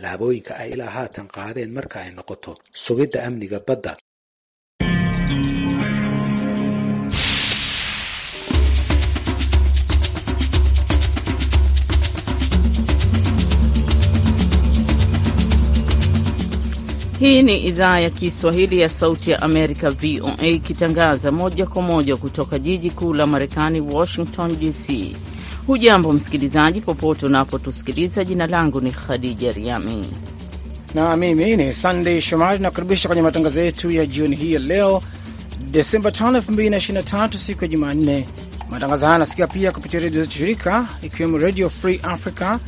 tallaabooyinka ay ilaa haatan qaadeen marka ay noqoto sugidda amniga badda Hii ni idhaa ya Kiswahili ya Sauti ya Amerika, VOA, ikitangaza moja kwa moja kutoka jiji kuu la Marekani, Washington DC. Hujambo msikilizaji, popote unapotusikiliza. Jina langu ni Khadija Riami na mimi ni Sandey Shomari. Nakukaribisha kwenye matangazo yetu ya jioni hii ya leo Desemba 5, 2023, siku ya Jumanne. Matangazo haya anasikia pia kupitia redio zetu shirika, ikiwemo Redio Free Africa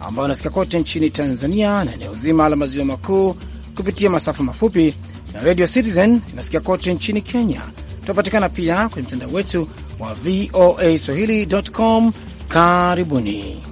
ambayo anasikia kote nchini Tanzania na eneo zima la maziwa makuu kupitia masafa mafupi na Radio Citizen inasikia kote nchini Kenya. Tunapatikana pia kwenye mtandao wetu wa VOA swahili.com Karibuni.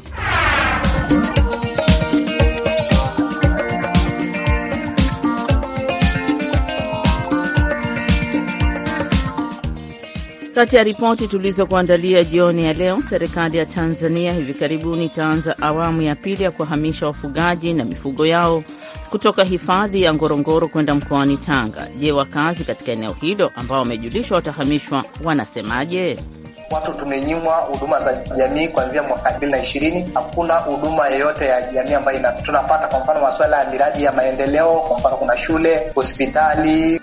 Kati ya ripoti tulizokuandalia jioni ya leo, serikali ya Tanzania hivi karibuni itaanza awamu ya pili ya kuwahamisha wafugaji na mifugo yao kutoka hifadhi ya Ngorongoro kwenda mkoani Tanga. Je, wakazi katika eneo hilo ambao wamejulishwa watahamishwa wanasemaje? watu tumenyimwa huduma za jamii kuanzia mwaka elfu mbili na ishirini. Hakuna huduma yoyote ya jamii ambayo tunapata, kwa mfano masuala ya miradi ya maendeleo, kwa mfano kuna shule, hospitali.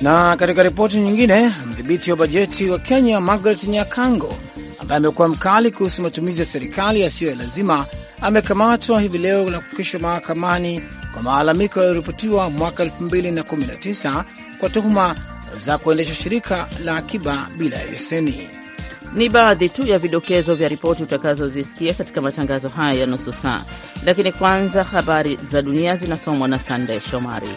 Na katika ripoti nyingine, mdhibiti wa bajeti wa Kenya Margaret Nyakango ambaye amekuwa mkali kuhusu matumizi ya serikali yasiyo ya lazima amekamatwa hivi leo na kufikishwa mahakamani kwa maalamiko yaliyoripotiwa mwaka 2019 kwa tuhuma za kuendesha shirika la akiba bila ya leseni. Ni baadhi tu ya vidokezo vya ripoti utakazozisikia katika matangazo haya ya nusu saa, lakini kwanza habari za dunia zinasomwa na Sandey Shomari.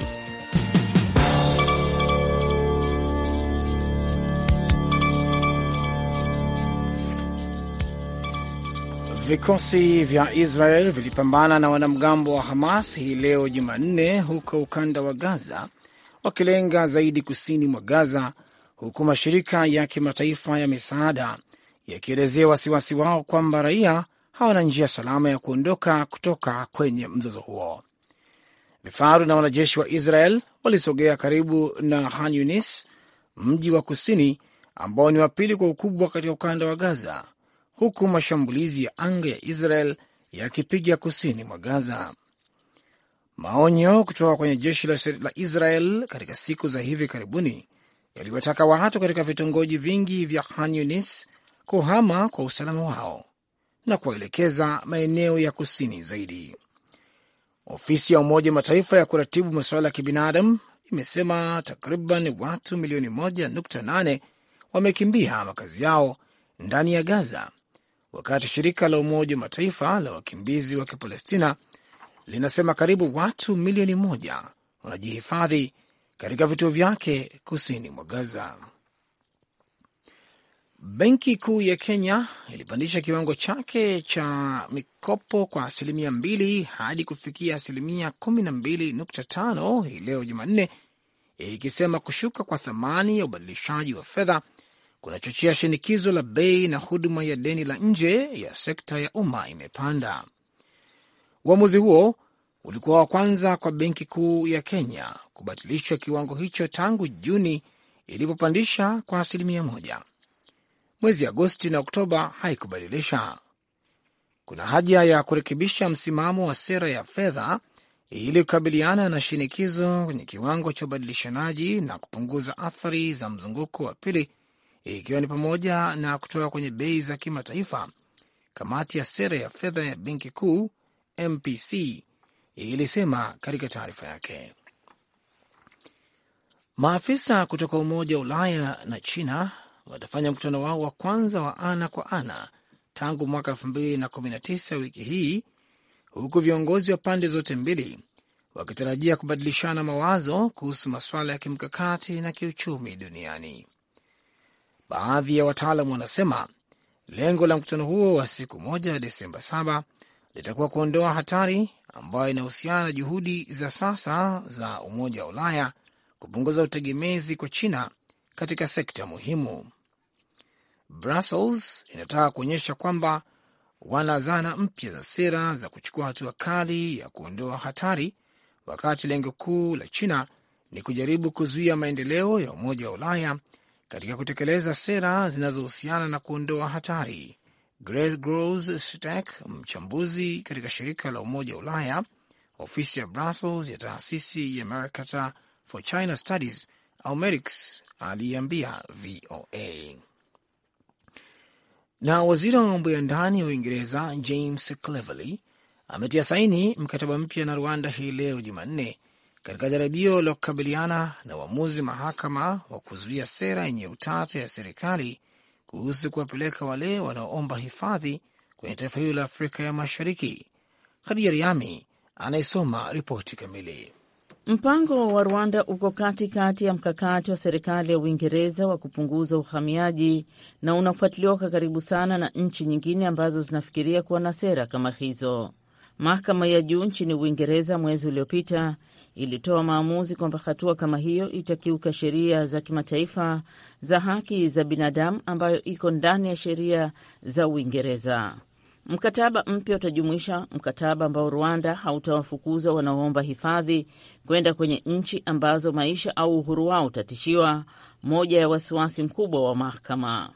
Vikosi vya Israel vilipambana na wanamgambo wa Hamas hii leo Jumanne huko ukanda wa Gaza, wakilenga zaidi kusini mwa Gaza, huku mashirika ya kimataifa ya misaada yakielezea wasiwasi wao kwamba raia hawana njia salama ya kuondoka kutoka kwenye mzozo huo. Vifaru na wanajeshi wa Israel walisogea karibu na Khan Yunis, mji wa kusini ambao ni wa pili kwa ukubwa katika ukanda wa Gaza, huku mashambulizi ya anga ya Israel yakipiga kusini mwa Gaza. Maonyo kutoka kwenye jeshi la Israel katika siku za hivi karibuni yaliwataka watu katika vitongoji vingi vya Khan Yunis kuhama kwa usalama wao na kuwaelekeza maeneo ya kusini zaidi. Ofisi ya Umoja Mataifa ya kuratibu masuala ya kibinadamu imesema takriban watu milioni 1.8 wamekimbia makazi yao ndani ya Gaza, wakati shirika la Umoja wa Mataifa la wakimbizi wa Kipalestina linasema karibu watu milioni moja wanajihifadhi katika vituo vyake kusini mwa Gaza. Benki Kuu ya Kenya ilipandisha kiwango chake cha mikopo kwa asilimia mbili hadi kufikia asilimia kumi na mbili nukta tano hii leo Jumanne, ikisema kushuka kwa thamani ya ubadilishaji wa fedha kunachochea shinikizo la bei na huduma ya deni la nje ya sekta ya umma imepanda. Uamuzi huo ulikuwa wa kwanza kwa Benki Kuu ya Kenya kubatilisha kiwango hicho tangu Juni ilipopandisha kwa asilimia moja mwezi Agosti na Oktoba haikubadilisha. Kuna haja ya kurekebisha msimamo wa sera ya fedha ili kukabiliana na shinikizo kwenye kiwango cha ubadilishanaji na kupunguza athari za mzunguko wa pili, ikiwa ni pamoja na kutoka kwenye bei za kimataifa. Kamati ya sera ya fedha ya benki kuu MPC ilisema katika taarifa yake. Maafisa kutoka Umoja wa Ulaya na China watafanya mkutano wao wa kwanza wa ana kwa ana tangu mwaka 2019 wiki hii, huku viongozi wa pande zote mbili wakitarajia kubadilishana mawazo kuhusu masuala ya kimkakati na kiuchumi duniani. Baadhi ya wataalam wanasema lengo la mkutano huo wa siku moja ya Desemba saba litakuwa kuondoa hatari ambayo inahusiana na juhudi za sasa za Umoja wa Ulaya kupunguza utegemezi kwa China katika sekta muhimu. Brussels inataka kuonyesha kwamba wana zana mpya za sera za kuchukua hatua kali ya kuondoa hatari, wakati lengo kuu la China ni kujaribu kuzuia maendeleo ya Umoja wa Ulaya katika kutekeleza sera zinazohusiana na kuondoa hatari. Gregors Stack, mchambuzi katika shirika la Umoja wa Ulaya, ofisi ya Brussels ya taasisi ya Mercator for China Studies au aliyeambia aliambia VOA. Na waziri wa mambo ya ndani wa Uingereza James Cleverly ametia saini mkataba mpya na Rwanda hii leo Jumanne, katika jaribio la kukabiliana na uamuzi mahakama wa kuzuia sera yenye utata ya serikali kuhusu kuwapeleka wale wanaoomba hifadhi kwenye taifa hilo la Afrika ya Mashariki. hadija Riami anayesoma ripoti kamili. Mpango wa Rwanda uko katikati ya mkakati wa serikali ya Uingereza wa kupunguza uhamiaji na unafuatiliwa kwa karibu sana na nchi nyingine ambazo zinafikiria kuwa na sera kama hizo. Mahakama ya juu nchini Uingereza mwezi uliopita ilitoa maamuzi kwamba hatua kama hiyo itakiuka sheria za kimataifa za haki za binadamu ambayo iko ndani ya sheria za Uingereza. Mkataba mpya utajumuisha mkataba ambao Rwanda hautawafukuza wanaoomba hifadhi kwenda kwenye nchi ambazo maisha au uhuru wao utatishiwa, moja ya wasiwasi mkubwa wa mahakama.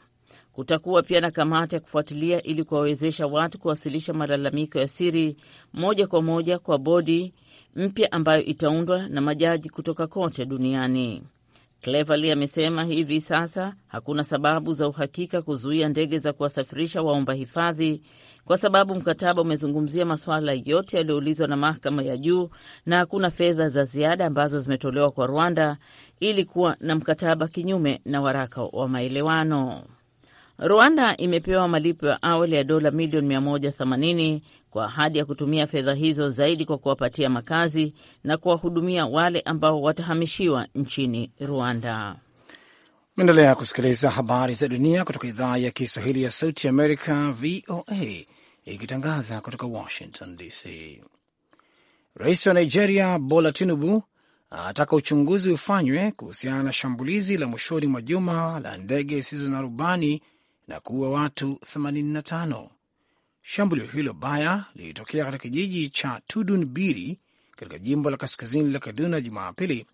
Kutakuwa pia na kamati ya kufuatilia ili kuwawezesha watu kuwasilisha malalamiko ya siri moja kwa moja kwa bodi mpya ambayo itaundwa na majaji kutoka kote duniani. Cleverly amesema hivi sasa hakuna sababu za uhakika kuzuia ndege za kuwasafirisha waomba hifadhi kwa sababu mkataba umezungumzia masuala yote yaliyoulizwa na mahakama ya juu na hakuna fedha za ziada ambazo zimetolewa kwa Rwanda ili kuwa na mkataba, kinyume na waraka wa maelewano. Rwanda imepewa malipo ya awali ya dola milioni 180 kwa ahadi ya kutumia fedha hizo zaidi kwa kuwapatia makazi na kuwahudumia wale ambao watahamishiwa nchini Rwanda. Meendelea kusikiliza habari za dunia kutoka idhaa ya Kiswahili ya Sauti Amerika, VOA, ikitangaza kutoka Washington DC. Rais wa Nigeria Bola Tinubu anataka uchunguzi ufanywe kuhusiana na shambulizi la mwishoni mwa juma la ndege zisizo na rubani na kuua watu 85. Shambulio hilo baya lilitokea katika kijiji cha tudun biri katika jimbo la kaskazini la Kaduna Jumapili,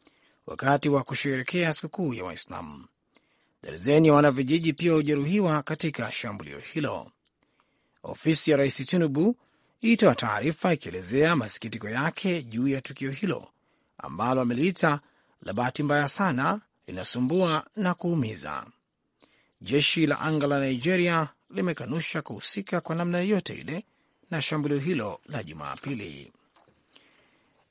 wakati wa kusherekea sikukuu ya Waislamu. Darzeni ya wanavijiji pia hujeruhiwa katika shambulio hilo. Ofisi ya rais Tinubu ilitoa taarifa ikielezea masikitiko yake juu ya tukio hilo ambalo ameliita la bahati mbaya sana, linasumbua na kuumiza. Jeshi la anga la Nigeria limekanusha kuhusika kwa namna yoyote ile na shambulio hilo la Jumapili.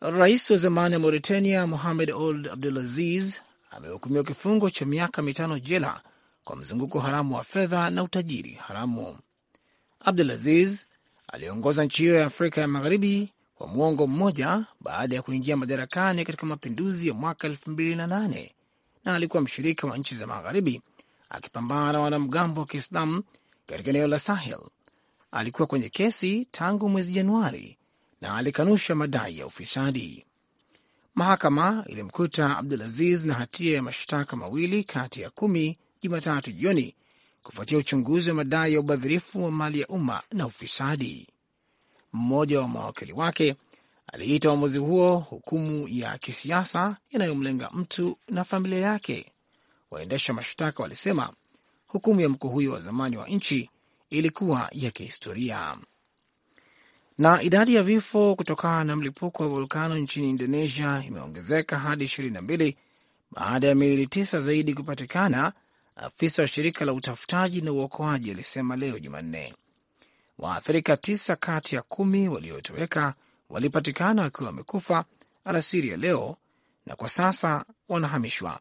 Rais wa zamani wa Mauritania Mohamed Ould Abdulaziz amehukumiwa kifungo cha miaka mitano jela kwa mzunguko haramu wa fedha na utajiri haramu. Abdul Aziz aliongoza nchi hiyo ya Afrika ya Magharibi kwa mwongo mmoja baada ya kuingia madarakani katika mapinduzi ya mwaka elfu mbili na nane na alikuwa mshirika wa nchi za Magharibi akipambana na wanamgambo wa Kiislamu katika eneo la Sahel. Alikuwa kwenye kesi tangu mwezi Januari na alikanusha madai ya ufisadi. Mahakama ilimkuta Abdul Aziz na hatia ya mashtaka mawili kati ya kumi Jumatatu jioni kufuatia uchunguzi wa madai ya ubadhirifu wa mali ya umma na ufisadi. Mmoja wa mawakili wake aliita uamuzi huo hukumu ya kisiasa inayomlenga mtu na familia yake. Waendesha mashtaka walisema hukumu ya mkuu huyo wa zamani wa nchi ilikuwa ya kihistoria. Na idadi ya vifo kutokana na mlipuko wa volkano nchini Indonesia imeongezeka hadi ishirini na mbili baada ya miili tisa zaidi kupatikana afisa wa shirika la utafutaji na uokoaji alisema leo Jumanne. Waathirika tisa kati ya kumi waliotoweka walipatikana wakiwa wamekufa alasiri ya leo na kwa sasa wanahamishwa.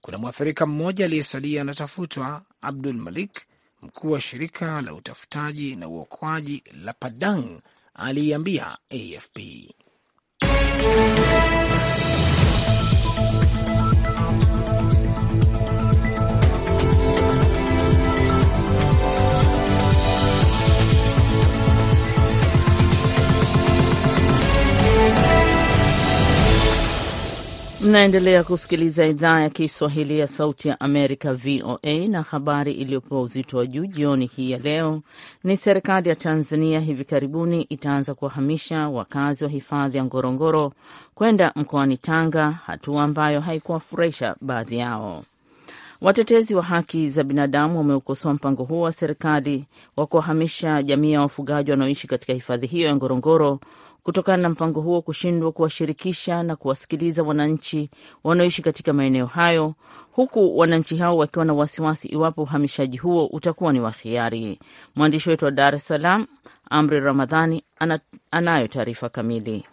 Kuna mwathirika mmoja aliyesalia anatafutwa, Abdul Malik, mkuu wa shirika la utafutaji na uokoaji la Padang, aliiambia AFP. Mnaendelea kusikiliza idhaa ya Kiswahili ya Sauti ya Amerika, VOA, na habari iliyopewa uzito wa juu jioni hii ya leo ni serikali ya Tanzania hivi karibuni itaanza kuwahamisha wakazi wa hifadhi ya Ngorongoro kwenda mkoani Tanga, hatua ambayo haikuwafurahisha baadhi yao. Watetezi wa haki za binadamu wameukosoa mpango huo wa serikali wa kuwahamisha jamii ya wafugaji wanaoishi katika hifadhi hiyo ya Ngorongoro kutokana na mpango huo kushindwa kuwashirikisha na kuwasikiliza wananchi wanaoishi katika maeneo hayo, huku wananchi hao wakiwa na wasiwasi iwapo uhamishaji huo utakuwa ni wa hiari. Mwandishi wetu wa Dar es Salaam, Amri Ramadhani, anayo taarifa kamili.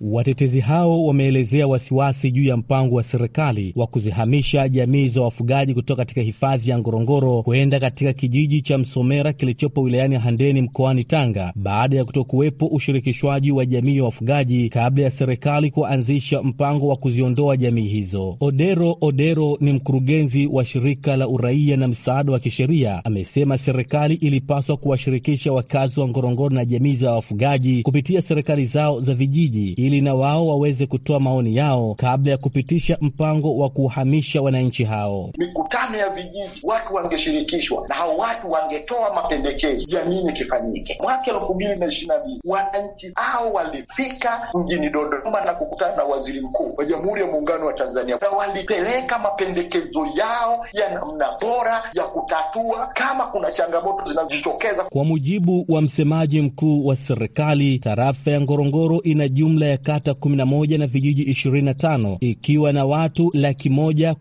Watetezi hao wameelezea wasiwasi juu ya mpango wa serikali wa kuzihamisha jamii za wafugaji kutoka katika hifadhi ya Ngorongoro kwenda katika kijiji cha Msomera kilichopo wilayani Handeni mkoani Tanga baada ya kutokuwepo ushirikishwaji wa jamii ya wafugaji kabla ya serikali kuanzisha mpango wa kuziondoa jamii hizo. Odero Odero ni mkurugenzi wa shirika la uraia na msaada wa kisheria, amesema serikali ilipaswa kuwashirikisha wakazi wa Ngorongoro na jamii za wafugaji kupitia serikali zao za vijiji ili na wao waweze kutoa maoni yao kabla ya kupitisha mpango wa kuhamisha wananchi hao. Mikutano ya vijiji, watu wangeshirikishwa na hao watu wangetoa mapendekezo ya nini kifanyike. Mwaka elfu mbili na ishirini na mbili wananchi hao walifika mjini Dodoma na kukutana na waziri mkuu wa Jamhuri ya Muungano wa Tanzania na walipeleka mapendekezo yao ya namna bora ya kutatua kama kuna changamoto zinazojitokeza. Kwa mujibu wa msemaji mkuu wa serikali, tarafa ya Ngorongoro ina jumla ya ya kata 11 na vijiji 25 ikiwa na watu laki moja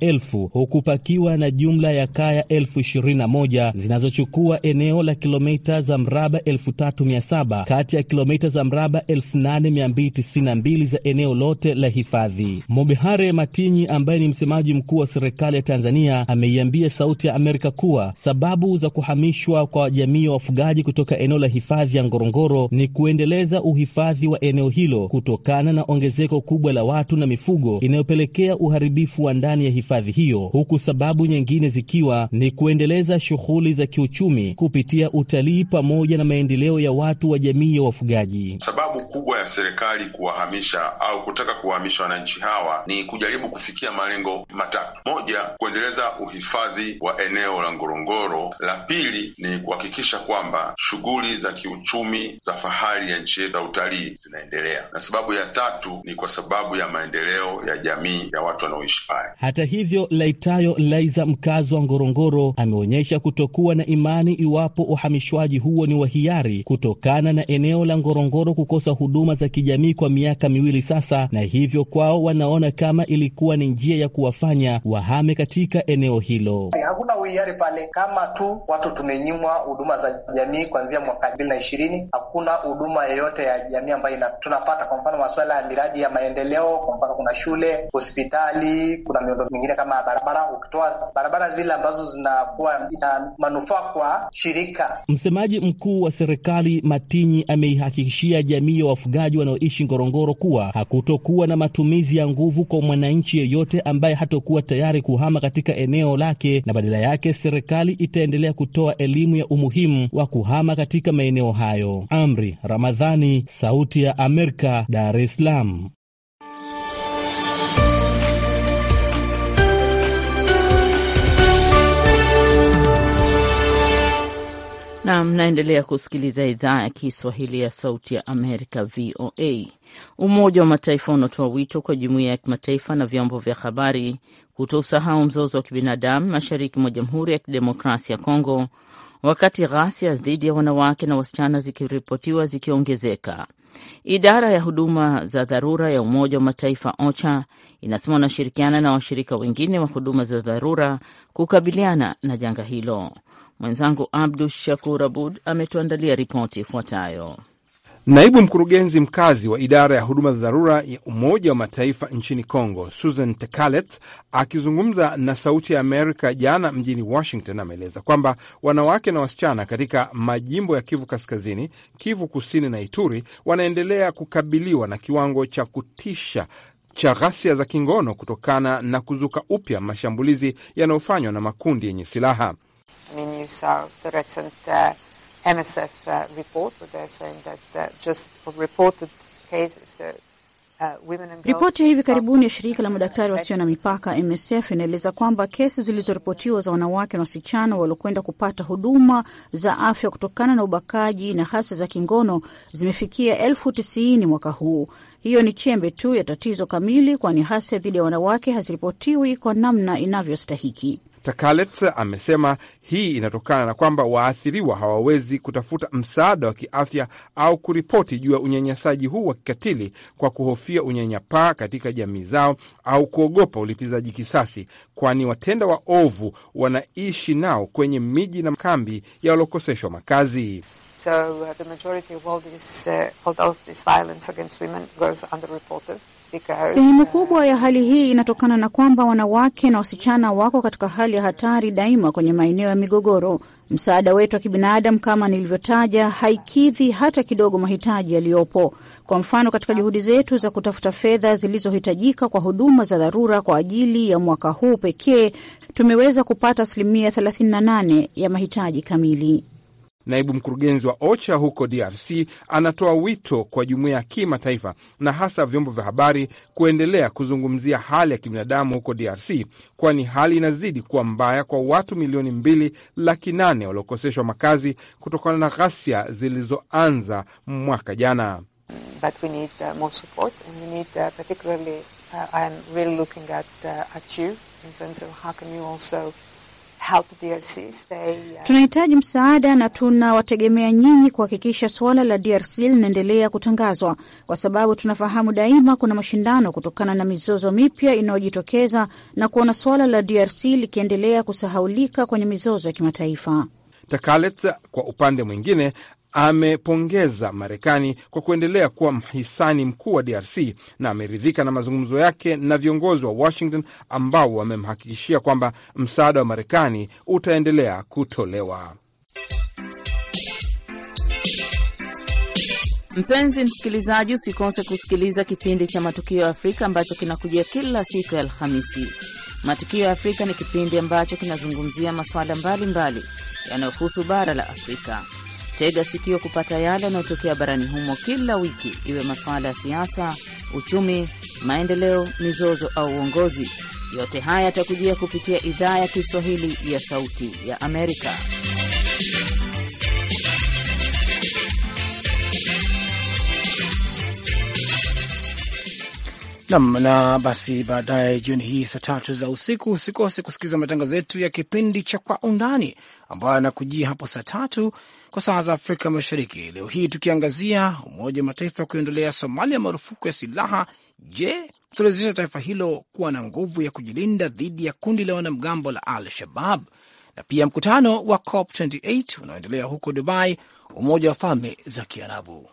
elfu huku pakiwa na jumla ya kaya elfu 21 zinazochukua eneo la kilomita za mraba 3700 kati ya kilomita za mraba 8292 za eneo lote la hifadhi. Mobihare Matinyi ambaye ni msemaji mkuu wa serikali ya Tanzania ameiambia Sauti ya Amerika kuwa sababu za kuhamishwa kwa jamii ya wafugaji kutoka eneo la hifadhi ya Ngorongoro ni kuendeleza uhifadhi wa eneo hilo kutokana na ongezeko kubwa la watu na mifugo inayopelekea uharibifu wa ndani ya hifadhi hiyo, huku sababu nyingine zikiwa ni kuendeleza shughuli za kiuchumi kupitia utalii pamoja na maendeleo ya watu wa jamii ya wafugaji. Sababu kubwa ya serikali kuwahamisha au kutaka kuwahamisha wananchi hawa ni kujaribu kufikia malengo matatu: moja, kuendeleza uhifadhi wa eneo la Ngorongoro; la pili ni kuhakikisha kwamba shughuli za kiuchumi za fahari ya nchi za utalii zinaendelea kuendelea, na sababu ya tatu ni kwa sababu ya maendeleo ya jamii ya watu wanaoishi pale. Hata hivyo, Laitayo Laiza, mkazi wa Ngorongoro, ameonyesha kutokuwa na imani iwapo uhamishwaji huo ni wa hiari kutokana na eneo la Ngorongoro kukosa huduma za kijamii kwa miaka miwili sasa, na hivyo kwao wanaona kama ilikuwa ni njia ya kuwafanya wahame katika eneo hilo. Hakuna uhiari pale, kama tu watu tumenyimwa huduma za jamii kuanzia mwaka elfu mbili na ishirini. Hakuna huduma yeyote ya jamii ambayo tunapata, kwa mfano masuala ya miradi ya maendeleo, kwa mfano kuna shule, hospitali, kuna miundo mingine kama barabara. Ukitoa barabara zile ambazo zinakuwa ina manufaa kwa shirika. Msemaji mkuu wa serikali Matinyi ameihakikishia jamii ya wafugaji wanaoishi Ngorongoro kuwa hakutokuwa na matumizi ya nguvu kwa mwananchi yeyote ambaye hatokuwa tayari kuhama katika eneo lake, na badala yake serikali itaendelea kutoa elimu ya umuhimu wa kuhama katika maeneo hayo. Amri Ramadhani, Sauti ya Amerika. Amerika, Dar es Salaam. Na mnaendelea kusikiliza idhaa ya Kiswahili ya Sauti ya Amerika, VOA. Umoja wa Mataifa unatoa wito kwa jumuiya ya kimataifa na vyombo vya habari kuto usahau mzozo wa kibinadamu mashariki mwa Jamhuri ya Kidemokrasia ya Kongo, wakati ghasia dhidi ya wanawake na wasichana zikiripotiwa zikiongezeka. Idara ya huduma za dharura ya Umoja wa Mataifa OCHA inasema wanashirikiana na washirika wengine wa huduma za dharura kukabiliana na janga hilo. Mwenzangu Abdu Shakur Abud ametuandalia ripoti ifuatayo. Naibu mkurugenzi mkazi wa idara ya huduma za dharura ya Umoja wa Mataifa nchini Kongo, Susan Tekalet, akizungumza na Sauti ya Amerika jana mjini Washington, ameeleza kwamba wanawake na wasichana katika majimbo ya Kivu Kaskazini, Kivu Kusini na Ituri wanaendelea kukabiliwa na kiwango cha kutisha cha ghasia za kingono kutokana na kuzuka upya mashambulizi yanayofanywa na makundi yenye silaha MSF uh, report where they're saying that just for reported cases uh, uh, Ripoti ya hivi karibuni ya shirika la madaktari wasio na mipaka MSF inaeleza kwamba kesi zilizoripotiwa za wanawake na wasichana waliokwenda kupata huduma za afya kutokana na ubakaji na hasa za kingono zimefikia elfu tisini mwaka huu. Hiyo ni chembe tu ya tatizo kamili, kwani hasa dhidi ya wanawake haziripotiwi kwa namna inavyostahiki. Takalet amesema hii inatokana na kwamba waathiriwa hawawezi kutafuta msaada wa kiafya au kuripoti juu ya unyanyasaji huu wa kikatili kwa kuhofia unyanyapaa katika jamii zao au kuogopa ulipizaji kisasi, kwani watenda wa ovu wanaishi nao kwenye miji na kambi ya waliokoseshwa makazi. So, uh, Sehemu kubwa ya hali hii inatokana na kwamba wanawake na wasichana wako katika hali ya hatari daima kwenye maeneo ya migogoro. Msaada wetu wa kibinadamu kama nilivyotaja, haikidhi hata kidogo mahitaji yaliyopo. Kwa mfano, katika juhudi zetu za kutafuta fedha zilizohitajika kwa huduma za dharura kwa ajili ya mwaka huu pekee, tumeweza kupata asilimia 38 ya mahitaji kamili. Naibu mkurugenzi wa OCHA huko DRC anatoa wito kwa jumuiya ya kimataifa na hasa vyombo vya habari kuendelea kuzungumzia hali ya kibinadamu huko DRC, kwani hali inazidi kuwa mbaya kwa watu milioni mbili laki nane waliokoseshwa makazi kutokana na ghasia zilizoanza mwaka jana. But uh, Uh, tunahitaji msaada na tunawategemea nyinyi kuhakikisha suala la DRC linaendelea kutangazwa, kwa sababu tunafahamu daima kuna mashindano kutokana na mizozo mipya inayojitokeza na kuona suala la DRC likiendelea kusahaulika kwenye mizozo ya kimataifa. Takalet kwa upande mwingine amepongeza Marekani kwa kuendelea kuwa mhisani mkuu wa DRC na ameridhika na mazungumzo yake na viongozi wa Washington ambao wamemhakikishia kwamba msaada wa Marekani utaendelea kutolewa. Mpenzi msikilizaji, usikose kusikiliza kipindi cha Matukio ya Afrika ambacho kinakujia kila siku ya Alhamisi. Matukio ya Afrika ni kipindi ambacho kinazungumzia masuala mbalimbali yanayohusu bara la Afrika. Tega sikio kupata yale yanayotokea barani humo kila wiki, iwe masuala ya siasa, uchumi, maendeleo, mizozo au uongozi. Yote haya yatakujia kupitia idhaa ya Kiswahili ya Sauti ya Amerika. Nam na basi, baadaye jioni hii saa tatu za usiku usikose kusikiliza matangazo yetu ya kipindi cha Kwa Undani ambayo yanakujia hapo saa tatu kwa saa za Afrika Mashariki. Leo hii tukiangazia Umoja wa Mataifa ya kuiondolea Somalia marufuku ya silaha. Je, kutolezesha taifa hilo kuwa na nguvu ya kujilinda dhidi ya kundi la wanamgambo la Al Shabab, na pia mkutano wa COP 28 unaoendelea huko Dubai, Umoja wa Falme za Kiarabu.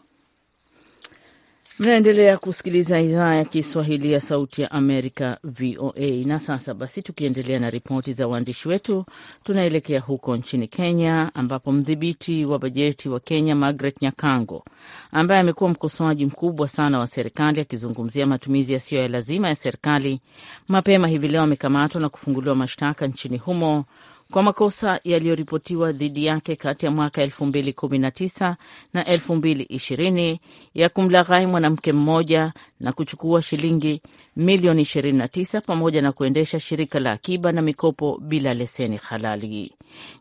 Mnaendelea kusikiliza idhaa ya Kiswahili ya Sauti ya Amerika, VOA. Na sasa basi, tukiendelea na ripoti za waandishi wetu, tunaelekea huko nchini Kenya, ambapo mdhibiti wa bajeti wa Kenya Margaret Nyakango, ambaye amekuwa mkosoaji mkubwa sana wa serikali akizungumzia matumizi yasiyo ya lazima ya serikali, mapema hivi leo amekamatwa na kufunguliwa mashtaka nchini humo kwa makosa yaliyoripotiwa dhidi yake kati ya mwaka 2019 na 2020 ya kumlaghai mwanamke mmoja na kuchukua shilingi milioni 29 pamoja na kuendesha shirika la akiba na mikopo bila leseni halali.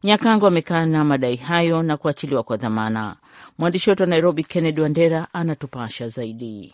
Nyakango amekana madai hayo na kuachiliwa kwa dhamana. Mwandishi wetu wa Nairobi, Kennedy Wandera, anatupasha zaidi.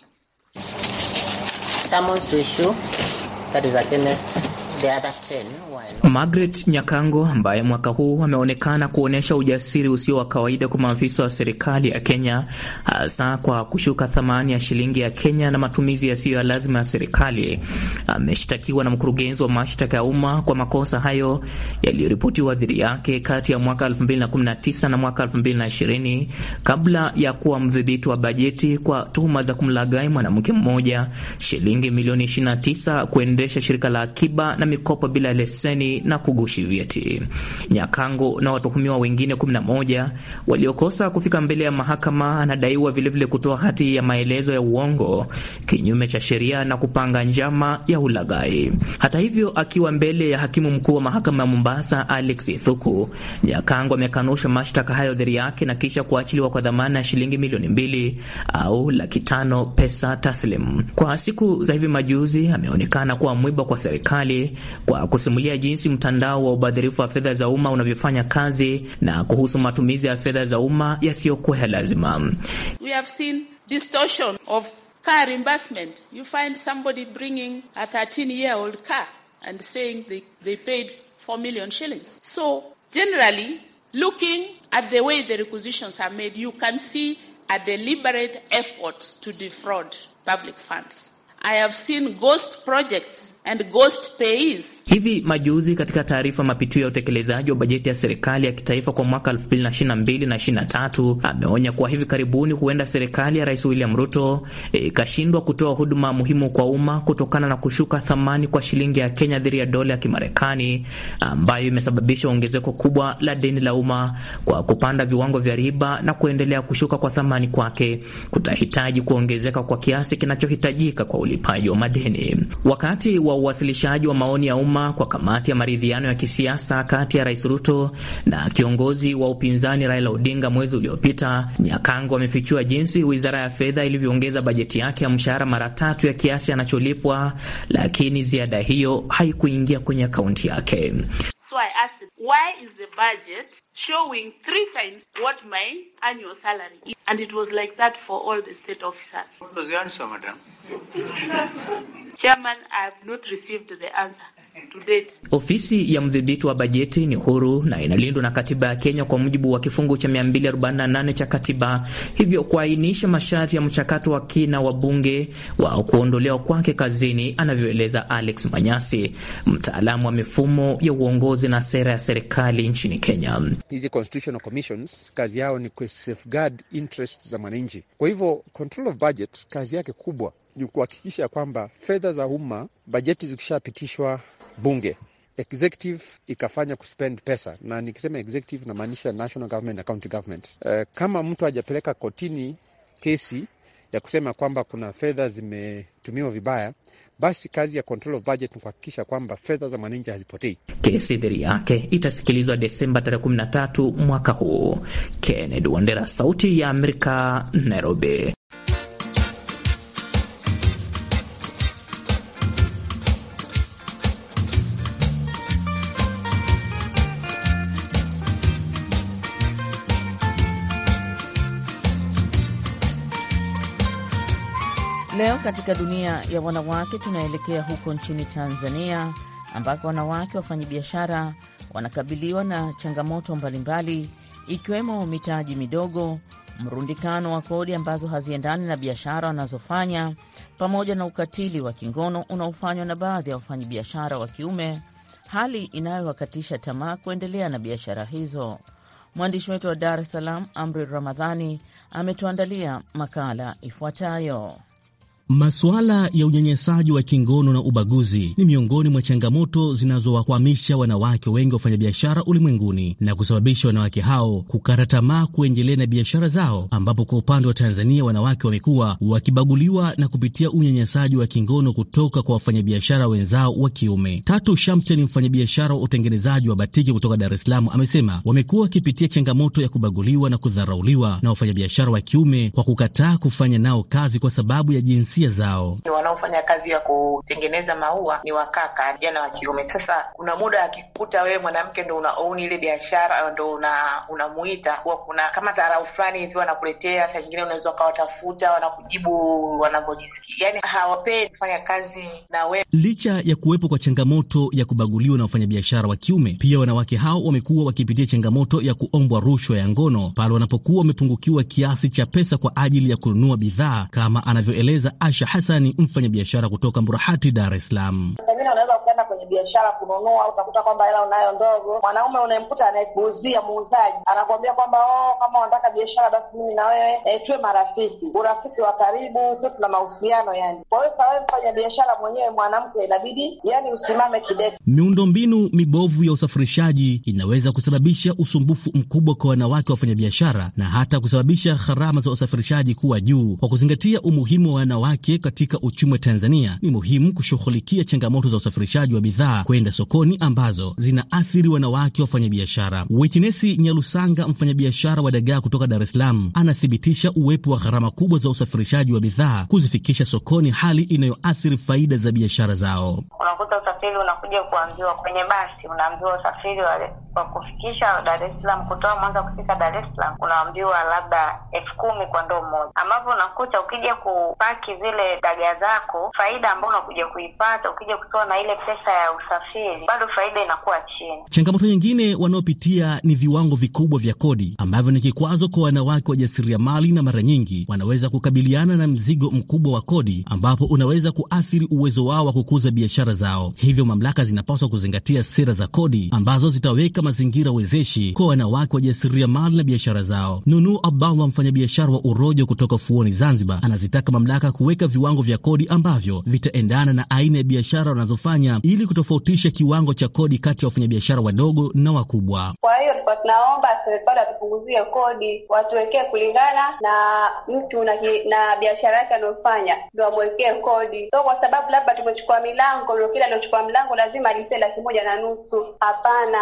Margaret Nyakango ambaye mwaka huu ameonekana kuonyesha ujasiri usio wa kawaida kwa maafisa wa serikali ya Kenya, hasa kwa kushuka thamani ya shilingi ya Kenya na matumizi yasiyo ya lazima ya serikali, ameshtakiwa na mkurugenzi wa mashtaka ya umma kwa makosa hayo yaliyoripotiwa dhidi yake kati ya mwaka 2019 na mwaka 2020 kabla ya kuwa mdhibiti wa bajeti kwa tuhuma za kumlagai mwanamke mmoja shilingi milioni 29 kuendesha shirika la akiba na mikopo bila leseni na kugushi vyeti. Nyakango na watuhumiwa wengine 11 waliokosa kufika mbele ya mahakama anadaiwa vilevile kutoa hati ya maelezo ya uongo kinyume cha sheria na kupanga njama ya ulaghai. Hata hivyo, akiwa mbele ya hakimu mkuu wa mahakama ya Mombasa Alex Ithuku, Nyakango amekanusha mashtaka hayo dhidi yake na kisha kuachiliwa kwa dhamana ya shilingi milioni mbili au laki tano pesa taslim. Kwa siku za hivi majuzi ameonekana kuwa mwiba kwa serikali kwa kusimulia jinsi mtandao wa ubadhirifu wa fedha za umma unavyofanya kazi na kuhusu matumizi ya fedha za umma yasiyokuwa ya lazima. We have seen distortion of car reimbursement. You find somebody bringing a 13-year-old car and saying they, they paid 4 million shillings. So generally, looking at the way the requisitions are made, you can see a deliberate effort to defraud public funds. I have seen ghost projects and ghost pays. Hivi majuzi katika taarifa mapitio ya utekelezaji wa bajeti ya serikali ya kitaifa kwa mwaka 2022 na 2023 ameonya kuwa hivi karibuni huenda serikali ya Rais William Ruto e, ikashindwa e, kutoa huduma muhimu kwa umma kutokana na kushuka thamani kwa shilingi ya Kenya dhidi ya dola ya Kimarekani ambayo imesababisha ongezeko kubwa la deni la umma kwa kupanda viwango vya riba na kuendelea kushuka kwa thamani kwake kutahitaji kuongezeka kwa kiasi kinachohitajika kwa ulipaji wa madeni. Wakati wa uwasilishaji wa maoni ya umma kwa kamati ya maridhiano ya kisiasa kati ya Rais Ruto na kiongozi wa upinzani Raila Odinga mwezi uliopita, Nyakango amefichua jinsi wizara ya fedha ilivyoongeza bajeti yake ya mshahara mara tatu ya kiasi anacholipwa, lakini ziada hiyo haikuingia kwenye akaunti yake. So I asked, why is the budget showing three times what my annual salary is? And it was like that for all the state officers. What was the answer, madam? Chairman, I have not received the answer. Ofisi ya mdhibiti wa bajeti ni huru na inalindwa na katiba ya Kenya kwa mujibu wa kifungu cha 248 cha katiba, hivyo kuainisha masharti ya mchakato wa kina wa bunge wa kuondolewa kwake kazini, anavyoeleza Alex Manyasi, mtaalamu wa mifumo ya uongozi na sera ya serikali nchini Kenya. Hizi constitutional commissions kazi yao ni safeguard interest za mwananchi, kwa hivyo control of budget kazi yake kubwa ni kuhakikisha kwamba fedha za umma, bajeti zikishapitishwa bunge executive ikafanya kuspend pesa, na nikisema executive namaanisha national government na county government. Uh, kama mtu hajapeleka kotini kesi ya kusema kwamba kuna fedha zimetumiwa vibaya, basi kazi ya control of budget ni kuhakikisha kwamba fedha za mwananchi hazipotei. Kesi dhidi yake itasikilizwa Desemba tarehe 13 mwaka huu. Kennedy Wandera, Sauti ya Amerika, Nairobi. Leo katika dunia ya wanawake, tunaelekea huko nchini Tanzania ambako wanawake wafanyabiashara wanakabiliwa na changamoto mbalimbali ikiwemo mitaji midogo, mrundikano wa kodi ambazo haziendani na biashara wanazofanya, pamoja na ukatili wa kingono unaofanywa na baadhi ya wafanyabiashara wa kiume, hali inayowakatisha tamaa kuendelea na biashara hizo. Mwandishi wetu wa Dar es Salaam, Amri Ramadhani, ametuandalia makala ifuatayo. Masuala ya unyanyasaji wa kingono na ubaguzi ni miongoni mwa changamoto zinazowakwamisha wanawake wengi wafanyabiashara ulimwenguni na kusababisha wanawake hao kukata tamaa kuendelea na biashara zao, ambapo kwa upande wa Tanzania wanawake wamekuwa wakibaguliwa na kupitia unyanyasaji wa kingono kutoka kwa wafanyabiashara wenzao wa kiume. Tatu Shamte ni mfanyabiashara wa utengenezaji wa batiki kutoka Dar es Salaam, amesema wamekuwa wakipitia changamoto ya kubaguliwa na kudharauliwa na wafanyabiashara wa kiume kwa kukataa kufanya nao kazi kwa sababu ya jinsi hisia zao. Wanaofanya kazi ya kutengeneza maua ni wakaka, vijana wa kiume. Sasa kuna muda akikuta wewe mwanamke ndo unaouni ile biashara, ndo una unamuita huwa kuna kama dharau fulani hivi wanakuletea. Saa nyingine unaweza ukawatafuta, wanakujibu wanavyojisikia, yani hawapendi kufanya kazi na wewe. Licha ya kuwepo kwa changamoto ya kubaguliwa na wafanyabiashara wa kiume, pia wanawake hao wamekuwa wakipitia changamoto ya kuombwa rushwa ya ngono pale wanapokuwa wamepungukiwa kiasi cha pesa kwa ajili ya kununua bidhaa, kama anavyoeleza Asha Hasani, mfanyabiashara kutoka Mburahati, Dar es Salaam. unaweza ukaenda kwenye biashara kununua, utakuta kwamba hela unayo ndogo. Mwanaume unayemkuta anayekuuzia, muuzaji, anakuambia kwamba oh, kama unataka biashara basi mimi na wewe e, tuwe marafiki, urafiki wa karibu, tuwe tuna mahusiano yani. Kwa hiyo sawa, mfanya biashara mwenyewe mwanamke inabidi yani usimame kidete. Miundombinu mibovu ya usafirishaji inaweza kusababisha usumbufu mkubwa kwa wanawake wafanyabiashara na hata kusababisha gharama za usafirishaji kuwa juu, kwa kuzingatia umuhimu wa wanawake wake katika uchumi wa Tanzania, ni muhimu kushughulikia changamoto za usafirishaji wa bidhaa kwenda sokoni ambazo zinaathiri wanawake wafanyabiashara. Wechinesi Nyalusanga, mfanyabiashara wa dagaa kutoka Dar es Salaam, anathibitisha uwepo wa gharama kubwa za usafirishaji wa bidhaa kuzifikisha sokoni, hali inayoathiri faida za biashara zao. Unakuta usafiri unakuja kuambiwa kwenye basi, unaambiwa usafiri wa, kwa kufikisha Dar es Salaam kutoa Mwanza kufika Dar es Salaam unaambiwa labda elfu kumi kwa ndoo moja, ambapo unakuta ukija kupaki zile dagaa zako, faida ambayo unakuja kuipata ukija kutoa na ile pesa ya usafiri, bado faida inakuwa chini. Changamoto nyingine wanaopitia ni viwango vikubwa vya kodi ambavyo ni kikwazo kwa wanawake wajasiriamali, na mara nyingi wanaweza kukabiliana na mzigo mkubwa wa kodi, ambapo unaweza kuathiri uwezo wao wa kukuza biashara zao. Hivyo mamlaka zinapaswa kuzingatia sera za kodi ambazo zitaweka mazingira wezeshi kwa wanawake wajasiriamali na biashara zao. Nunu Abdallah, mfanyabiashara wa urojo kutoka Fuoni, Zanzibar, anazitaka mamlaka kuweka kuweka viwango vya kodi ambavyo vitaendana na aina ya biashara wanazofanya ili kutofautisha kiwango cha kodi kati ya wafanyabiashara wadogo na wakubwa. Kwa hiyo tulikuwa tunaomba serikali watupunguzie kodi, watuwekee kulingana na mtu na, na biashara yake anayofanya, ndo wamwekee kodi. So kwa sababu labda tumechukua milango, ndo kila aliochukua mlango lazima alipie laki moja na nusu? Hapana,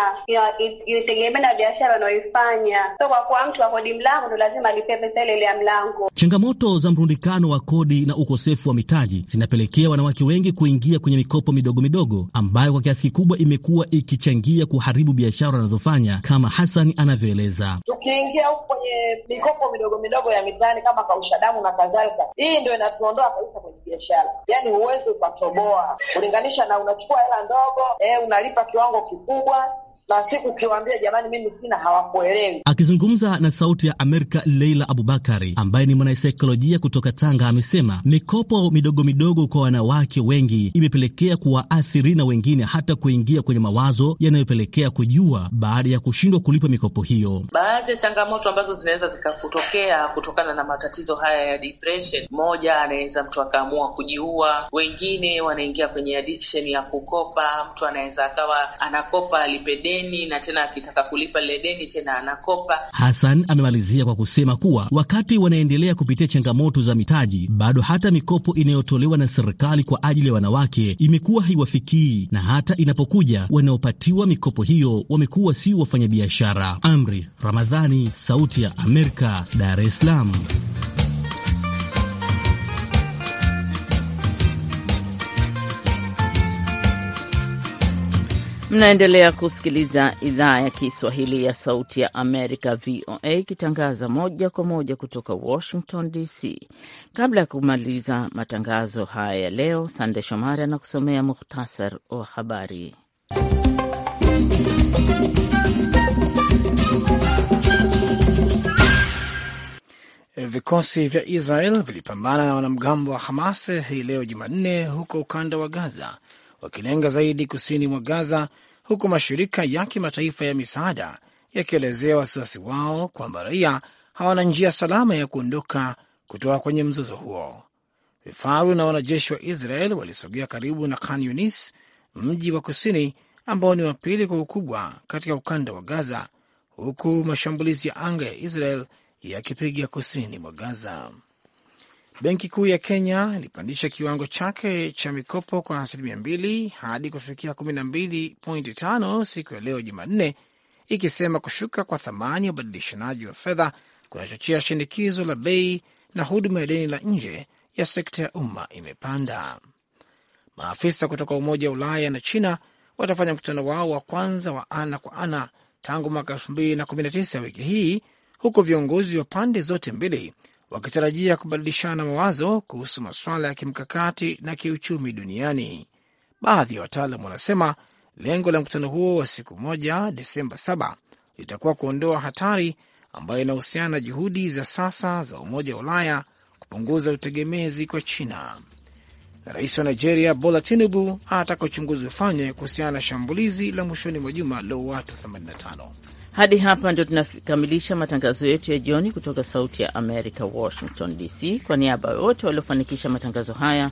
itegemea na biashara anayoifanya. So kwa kuwa mtu kodi mlango, ndo lazima alipie pesa ile ile ya mlango. Changamoto za mrundikano wa kodi na ukosefu wa mitaji zinapelekea wanawake wengi kuingia kwenye mikopo midogo midogo ambayo kwa kiasi kikubwa imekuwa ikichangia kuharibu biashara wanazofanya, kama Hasani anavyoeleza. Tukiingia huku kwenye mikopo midogo midogo ya mitaani kama kausha damu na kadhalika, hii ndio inatuondoa kabisa kwenye biashara. Yani huwezi ukatoboa kulinganisha na unachukua hela ndogo, eh, unalipa kiwango kikubwa na siku ukiwaambia jamani, mimi sina, hawakuelewi. Akizungumza na Sauti ya Amerika, Leila Abubakari ambaye ni mwanasaikolojia kutoka Tanga amesema mikopo midogo midogo kwa wanawake wengi imepelekea kuwaathiri na wengine hata kuingia kwenye mawazo yanayopelekea kujua baada ya kushindwa kulipa mikopo hiyo. Baadhi ya changamoto ambazo zinaweza zikakutokea kutokana na matatizo haya ya depression, mmoja anaweza mtu akaamua kujiua, wengine wanaingia kwenye addiction ya kukopa. Mtu anaweza akawa anakopa alipe deni na tena akitaka kulipa lile deni tena anakopa. Hassan amemalizia kwa kusema kuwa wakati wanaendelea kupitia changamoto za mitaji, bado hata mikopo inayotolewa na serikali kwa ajili ya wanawake imekuwa haiwafikii, na hata inapokuja wanaopatiwa mikopo hiyo wamekuwa si wafanyabiashara. Amri Ramadhani, Sauti ya Amerika, Dar es Salaam. Mnaendelea kusikiliza idhaa ya Kiswahili ya Sauti ya Amerika, VOA, ikitangaza moja kwa moja kutoka Washington DC. Kabla ya kumaliza matangazo haya ya leo, Sande Shomari anakusomea muhtasar wa habari. Vikosi vya Israel vilipambana na wanamgambo wa Hamas hii leo Jumanne huko ukanda wa Gaza wakilenga zaidi kusini mwa Gaza, huku mashirika ya kimataifa ya misaada yakielezea wasiwasi wao kwamba raia hawana njia salama ya kuondoka kutoka kwenye mzozo huo. Vifaru na wanajeshi wa Israel walisogea karibu na Khan Yunis, mji wa kusini ambao ni wa pili kwa ukubwa katika ukanda wa Gaza, huku mashambulizi ya anga ya Israel yakipiga kusini mwa Gaza. Benki Kuu ya Kenya ilipandisha kiwango chake cha mikopo kwa asilimia mbili hadi kufikia 12.5 siku ya leo Jumanne, ikisema kushuka kwa thamani ya ubadilishanaji wa fedha kunachochea shinikizo la bei na huduma ya deni la nje ya sekta ya umma imepanda. Maafisa kutoka Umoja wa Ulaya na China watafanya mkutano wao wa kwanza wa ana kwa ana tangu mwaka elfu wiki hii, huku viongozi wa pande zote mbili wakitarajia kubadilishana mawazo kuhusu masuala ya kimkakati na kiuchumi duniani. Baadhi ya wataalam wanasema lengo la mkutano huo wa siku moja Desemba 7 litakuwa kuondoa hatari ambayo inahusiana na juhudi za sasa za Umoja wa Ulaya kupunguza utegemezi kwa China. rais wa Nigeria Bola Tinubu anataka uchunguzi ufanywe kuhusiana na shambulizi la mwishoni mwa juma lo watu 85 hadi hapa ndio tunakamilisha matangazo yetu ya jioni kutoka Sauti ya Amerika, Washington DC. Kwa niaba ya wote waliofanikisha matangazo haya,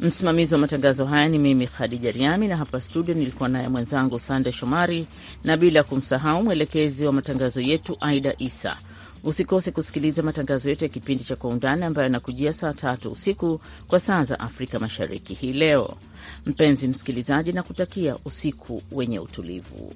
msimamizi wa matangazo haya ni mimi Khadija Riami, na hapa studio nilikuwa naye mwenzangu Sande Shomari, na bila kumsahau mwelekezi wa matangazo yetu Aida Isa. Usikose kusikiliza matangazo yetu ya kipindi cha Kwa Undani ambayo yanakujia saa tatu usiku kwa saa za Afrika Mashariki hii leo. Mpenzi msikilizaji, na kutakia usiku wenye utulivu.